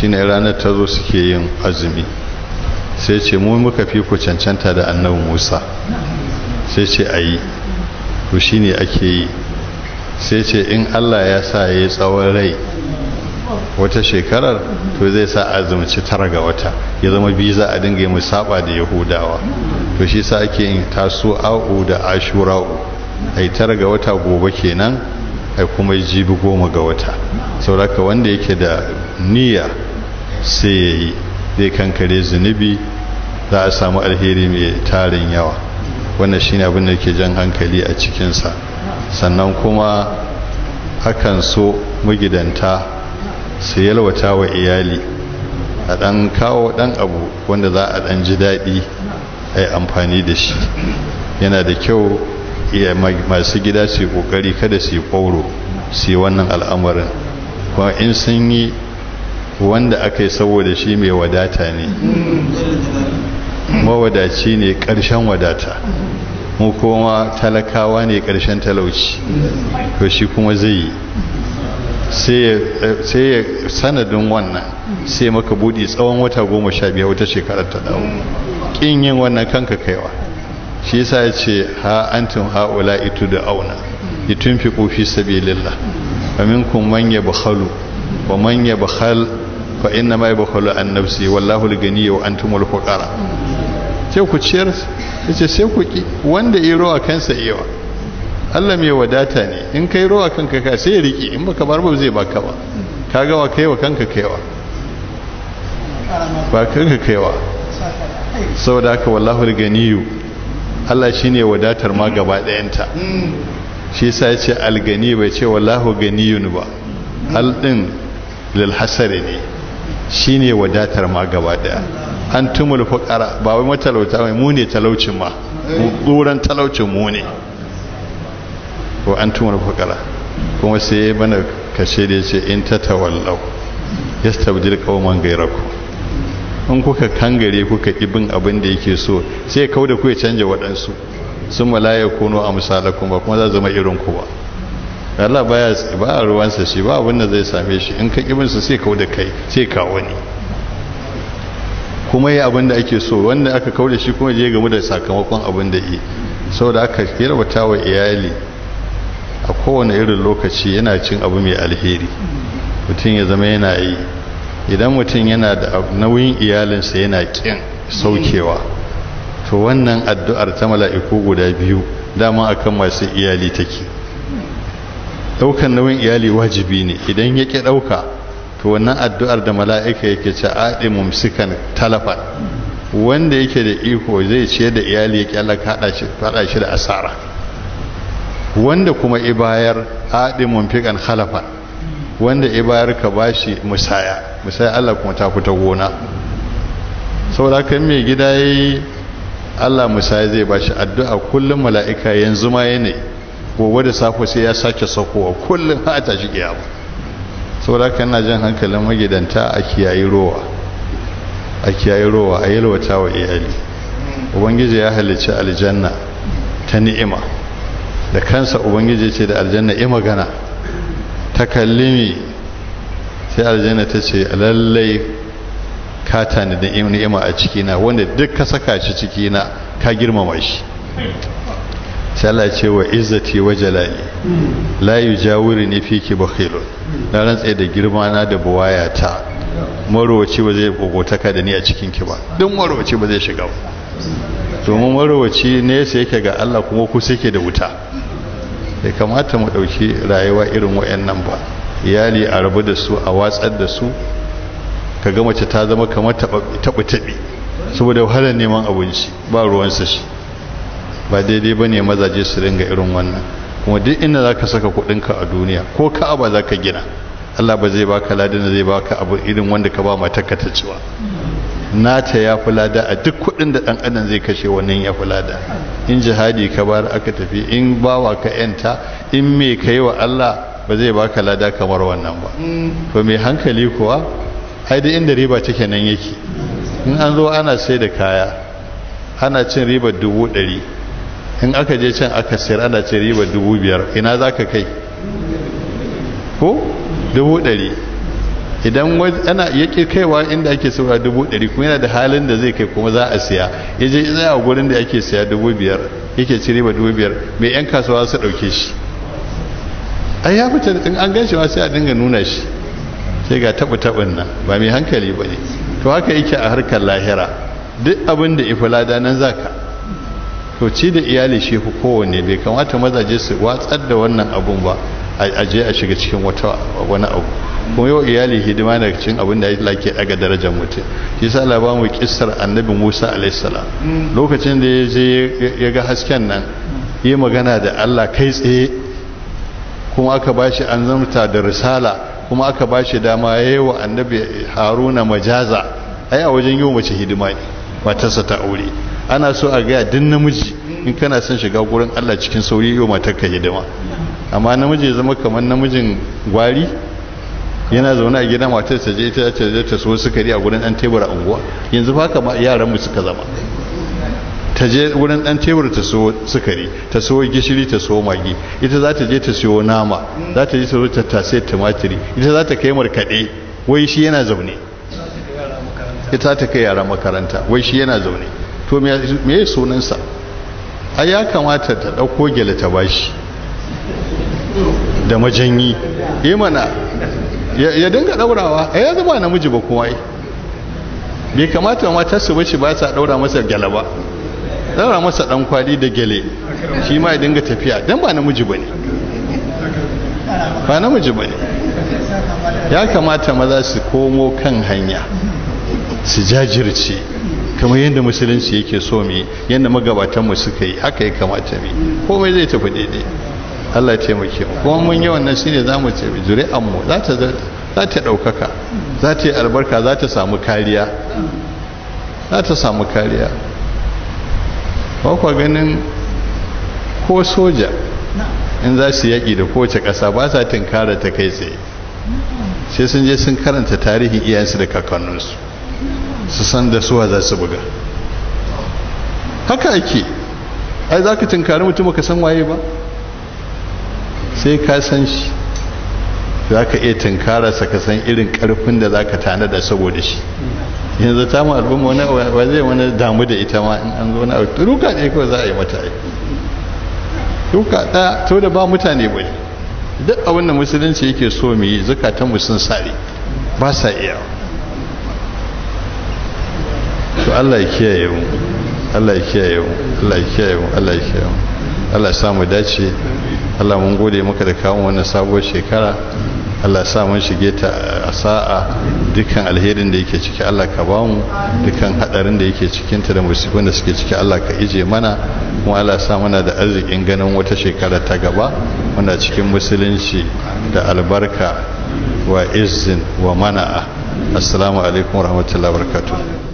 shine ranar ta zo suke yin azumi sai ce mu muka fi ku cancanta da annabi musa sai ce a yi to shine ake yi sai ce in allah ya sa ya tsawon rai wata shekarar to zai sa azumci tara ga wata ya zama biyu za a dinga yi musaba da yahudawa to shi sa ake yin taso a'u da ashura'u a tara ga wata gobe kenan ai kuma jibi goma ga wata sauraka wanda yake da niyya sai ya yi zai kankare zunubi za a samu alheri mai tarin yawa wannan shine abin da ke jan hankali a cikinsa sannan kuma hakan so magidanta su yalwata wa iyali a ɗan kawo ɗan abu wanda za a ɗan ji daɗi a yi amfani da shi yana da kyau masu gida su yi ƙoƙari kada su yi ƙoro su yi wannan al'amarin kuma in sun yi wanda aka yi saboda shi mai wadata ne mawadaci ne ƙarshen wadata mu kuma talakawa ne ƙarshen talauci to shi kuma zai yi sai ya sanadin wannan sai maka buɗe tsawon wata goma sha biyar wata shekarar ta dawo ƙin yin wannan kanka kaiwa shi yasa ya ce ha an tun ha'ula ito da auna itun fi ƙofi sabilillah manya ba halu ba manya ba yabkhal fa inna ma yabkhulu an nafsi wallahu al-ghani wa al fuqara sai ku ciyar yace sai ku ki wanda yi rawa kansa yawa Allah mai wadata ne in kai rawa kanka ka sai riki in baka bar ba zai baka ba kaga wa kaiwa kanka kaiwa ba kanka kaiwa saboda haka wallahu al-ghani Allah shine wadatar ma gaba ɗayanta shi yasa yace al-ghani bai ce wallahu ghaniyun ba al din lil hasari ne Shi ne wadatar ma gaba daya an tumul fukara ba wai matalauta mai mu ne talaucin ma tsoron talaucin mu ne ko an tumul fukara kuma sai ya mana kashe da ya ce in ya stabdil kawoman gairaku in kuka kangare kuka ibin abin da yake so sai kauda ku ya canja waɗansu sun malaya kuno a misalakun ba kuma za zama irin ku ba Allah baya ba ruwansa shi ba abin da zai same shi in ka kibinsa sai kawo da kai sai ka wani kuma yi abin da ake so wanda aka kawo da shi kuma je game da sakamakon abin da yi da aka yarwata wa iyali a kowane irin lokaci yana cin abu mai alheri mutum ya zama yana yi idan mutum yana da nauyin iyalinsa yana kyan saukewa to wannan addu'ar ta mala'iku guda biyu dama akan masu iyali take daukan nauyin iyali wajibi ne idan yake dauka to wannan addu'ar da mala'ika yake ce adi mumsikan talafan wanda yake da iko zai ce da iyali yake Allah hada shi fada shi da asara wanda kuma ibayar adi mumfikan khalafa wanda ibayar ka bashi musaya musaya Allah kuma ta fita gona saboda kan mai gida yayi Allah musaya zai bashi addu'a kullum mala'ika yanzu ma yanayi gobe da safe sai ya sake saukowa kullum ha ta shi kiyama saboda haka ina jin hankalin magidanta a kiyayi rowa a kiyayi rowa a yalwata wa iyali ubangiji ya halicci aljanna ta ni'ima da kansa ubangiji ce da aljanna yi magana ta kallimi sai aljanna ta ce lallai ka tani da ni'ima a cikina wanda duk ka saka shi cikina ka girmama shi sala ce wa izzati wa jalali la yujawiruni fiki bakhilun na rantsa da girma na da buwaya ta marowaci ba zai ka da ni a cikin ki ba duk marowaci ba zai shiga ba domin marowaci ne sai yake ga Allah kuma ku sai da wuta sai kamata mu dauki rayuwa irin wayannan ba iyali a rabu da su a watsar da su kaga mace ta zama kamar taɓa taɓi saboda wahalar neman abinci ba ruwan sashi ba daidai ba ne mazaje su dinga irin wannan kuma duk inda za ka saka kuɗinka a duniya ko ka'aba za ka gina allah ba zai baka ladan zai baka abu irin wanda ka ba matarka cewa. Na ta ya fi lada a duk kuɗin da ɗan adam zai kashe wannan ya fi lada in jihadi ka bar aka tafi in bawa ka yanta in me ka wa allah ba zai baka lada kamar wannan ba to mai hankali kuwa ai da inda riba take nan yake in an zo ana sai da kaya ana cin riba dubu ɗari in aka je can aka sayar ana ce riba dubu biyar ina za ka kai ko dubu ɗari idan ana iya kaiwa inda ake saura dubu ɗari kuma yana da halin da zai kai kuma za a siya ya je a gurin da ake siya dubu biyar yake ci riba dubu biyar mai yan kasuwa su ɗauke shi ai ya fita in an gan shi ma sai a dinga nuna shi sai ga taɓa taɓin nan ba mai hankali ba ne to haka yake a harkar lahira duk abin da ifilada nan zaka to da iyali shi ku kowanne bai kamata mazaje su watsar da wannan abun ba a je a shiga cikin wata wani abu kuma yau iyali hidima daga cikin abin da ya lake daga darajar mutum shi yasa Allah kisar annabi Musa alaihissalam mm. lokacin da ya je ya ga hasken nan yi magana da Allah kai tsaye kuma aka bashi an zamta da risala kuma aka bashi dama yi wa annabi Haruna majaza ai a wajen yi mace hidima ne matarsa ta aure ana so a gaya din namiji in kana son shiga gurin Allah cikin sauri yau yi hidima amma namiji ya zama kamar namijin gwari yana zaune a gida matar ta je ta ce ta so sukari a gurin dan tebura unguwa yanzu fa kama yaran mu suka zama ta je wurin dan tebur ta so sukari ta so gishiri ta so magi ita za ta je ta siyo nama za ta je ta zo ta sai tumatiri ita za ta kai markade wai shi yana zaune ita ta kai yara makaranta wai shi yana zaune to me sunansa a ya kamata ta ɗauko gyale ta bashi da majanyi eh mana ya dinga ɗaurawa a ya zama namiji ba kuma bai kamata ta su bace ba ta ɗaura masa gyale ba ɗaura masa ɗan kwali da gyale shi ma ya dinga tafiya don ba namiji ba ne ba namiji ba ne ya kamata maza su komo kan hanya su jajirce kamar yadda musulunci yake so mu yadda magabatan suka yi haka ya kamata mu komai zai tafi daidai Allah ya taimake mu kuma mun yi wannan shine zamu ce zuri'an mu za ta za ta daukaka za ta yi albarka za ta samu kariya za ta samu kariya ba kwa ganin ko soja in za su yaƙi da kowace ƙasa ba sa tinkara ta kai tsaye sai sun je sun karanta tarihin iyayensu da kakanninsu su san da suwa za su buga haka ake ai za ka tunkari mutum ka san waye ba sai ka san shi za ka iya tunkararsa ka san irin karfin da za ka tanada saboda shi yanzu ta mu al'umma wani wa zai wani damu da ita ma in an zo na auki ruka ne kawai za a yi mata aiki ruka ɗaya to da ba mutane ba ne duk abin da musulunci yake so mu yi mu sun sare ba sa iyawa to Allah ya kiyaye mu Allah ya kiyaye mu Allah ya kiyaye mu Allah ya kiyaye mu Allah ya sa mu dace Allah mun gode maka da kawo wannan sabuwar shekara Allah sa mun shige ta a sa'a dukkan alherin da yake ciki Allah ka ba mu dukkan hadarin da yake cikin ta da musibin da suke ciki Allah ka ije mana kuma Allah sa muna da arzikin ganin wata shekara ta gaba muna cikin musulunci da albarka wa izzin wa mana'a assalamu alaikum warahmatullahi wabarakatuh